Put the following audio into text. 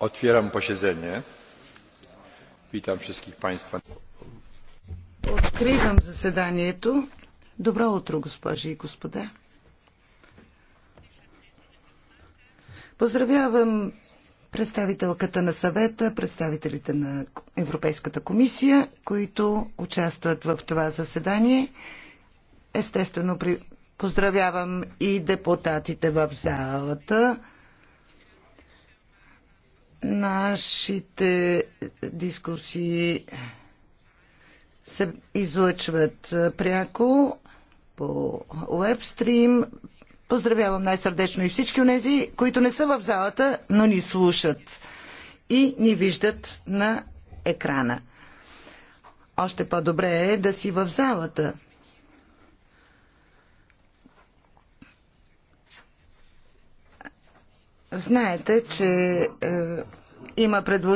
Otwieram posiedzenie. Witam wszystkich Państwa. Откривам заседанието. Добро утро, госпожи и господа. Поздравявам представителката на съвета, представителите на Европейската комисия, които участват в това заседание. Естествено, поздравявам и депутатите в залата. Нашите дискусии се излъчват пряко по вебстрим. Поздравявам най-сърдечно и всички от тези, които не са в залата, но ни слушат и ни виждат на екрана. Още по-добре е да си в залата. Знаете, че е, има предложение.